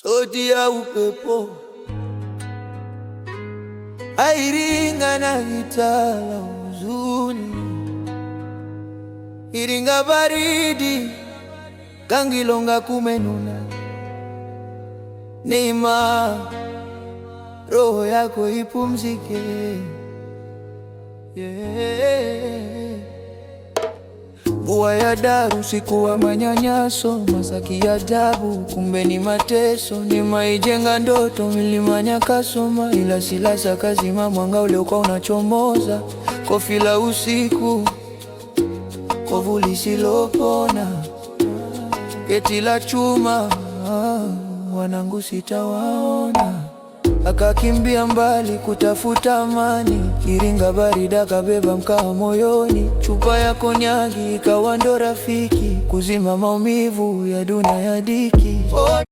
sauti ya upepo airinga na itala huzuni, iringa baridi kangilonga kumenuna, neema roho yako ipumzike, yeah. Mvua ya daru sikuwa manyanyaso, masaki ya ajabu kumbe ni mateso. Nimaijenga ndoto milimanya kasoma ila silasa kazima mwanga uliokuwa unachomoza. Kofi la usiku kovu lisilopona, geti la chuma, ah, wanangu sitawaona akakimbia mbali kutafuta amani. Iringa barida kabeba mkaa moyoni, chupa ya konyagi ikawa ndo rafiki kuzima maumivu ya dunia ya diki